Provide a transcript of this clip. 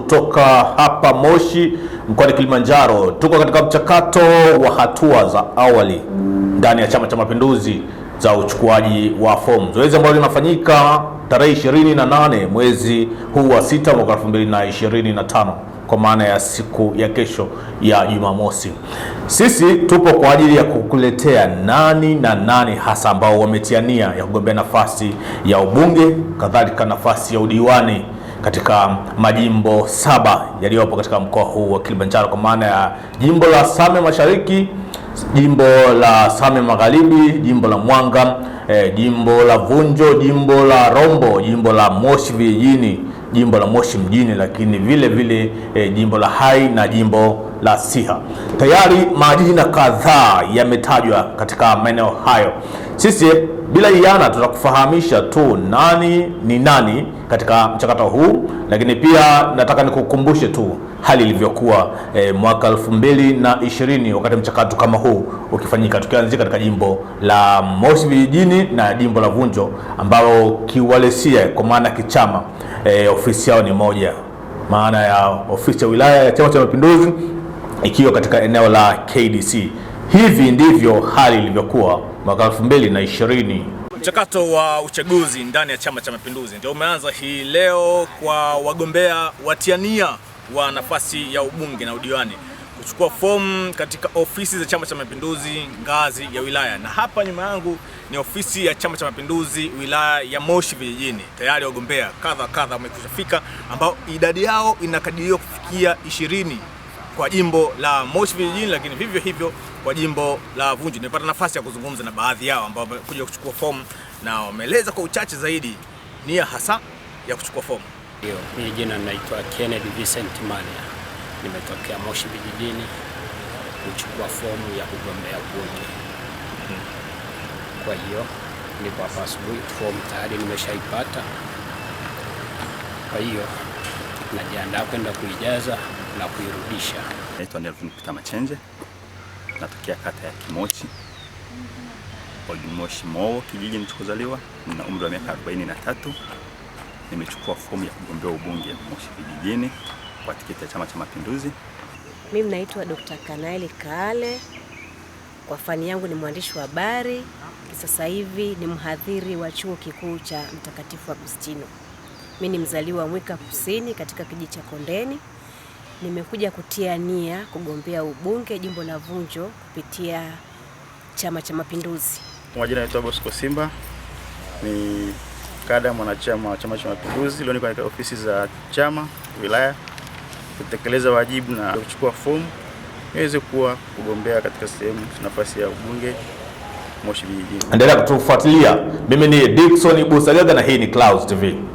kutoka hapa Moshi mkoani Kilimanjaro. Tuko katika mchakato wa hatua za awali ndani ya Chama cha Mapinduzi za uchukuaji wa fomu, zoezi ambalo linafanyika tarehe 28 mwezi huu wa sita mwaka 2025 kwa maana ya siku ya kesho ya Jumamosi. Sisi tupo kwa ajili ya kukuletea nani na nani hasa ambao wametiania ya kugombea nafasi ya ubunge, kadhalika nafasi ya udiwani katika majimbo saba yaliyopo katika mkoa huu wa Kilimanjaro kwa maana ya jimbo la Same Mashariki, jimbo la Same Magharibi, jimbo la Mwanga, eh, jimbo la Vunjo, jimbo la Rombo, jimbo la Moshi vijijini, jimbo la Moshi mjini, lakini vile vile eh, jimbo la Hai na jimbo la Siha. Tayari majina kadhaa yametajwa katika maeneo hayo. Sisi bila iana tutakufahamisha tu nani ni nani katika mchakato huu, lakini pia nataka nikukumbushe tu hali ilivyokuwa e, mwaka elfu mbili na ishirini wakati mchakato kama huu ukifanyika, tukianzia katika jimbo la Moshi vijijini na jimbo la Vunjo ambao kiuhalisia kwa maana kichama e, ofisi yao ni moja, maana ya ofisi ya wilaya ya Chama cha Mapinduzi ikiwa katika eneo la KDC. Hivi ndivyo hali ilivyokuwa mwaka 2020. Mchakato wa uchaguzi ndani ya Chama cha Mapinduzi ndio umeanza hii leo kwa wagombea watiania wa nafasi ya ubunge na udiwani kuchukua fomu katika ofisi za Chama cha Mapinduzi ngazi ya wilaya, na hapa nyuma yangu ni ofisi ya Chama cha Mapinduzi wilaya ya Moshi Vijijini. Tayari wagombea kadha kadha wamekwisha ambao idadi yao inakadiriwa kufikia ishirini kwa jimbo la Moshi vijijini, lakini vivyo hivyo kwa jimbo la Vunji. Nimepata nafasi ya kuzungumza na baadhi yao ambao wamekuja kuchukua fomu na wameeleza kwa uchache zaidi nia hasa ya kuchukua fomu. mimi jina naitwa Kennedy Vincent Malia, nimetokea Moshi vijijini kuchukua fomu ya kugombea ubunge. Kwa hiyo niko hapa asubuhi, fomu tayari nimeshaipata, kwa hiyo najiandaa kwenda kuijaza na kuirudisha. Naitwa Nelvin Peter Machenje, natokea kata ya Kimochi Oldimoshi Moo, kijiji nilichozaliwa. Nina umri wa miaka 43. Nimechukua fomu ya kugombea ubunge Moshi vijijini kwa tiketi ya Chama cha Mapinduzi. Mimi naitwa Dr. Kanaeli kale kwa fani yangu ni mwandishi wa habari, sasa hivi ni mhadhiri wa chuo kikuu cha Mtakatifu Agustino. Mimi ni mzaliwa Mwika Kusini katika kijiji cha Kondeni nimekuja kutia nia kugombea ubunge jimbo la Vunjo kupitia Chama cha Mapinduzi. Majina naitwa Bosco Simba, ni kada mwanachama wa Chama cha Mapinduzi. Leo niko katika ofisi za chama wilaya kutekeleza wajibu na kuchukua fomu niweze kuwa kugombea katika sehemu nafasi ya ubunge Moshi Vijijini. Endelea kutufuatilia. Mimi ni Dickson Busagaga na hii ni Clouds TV.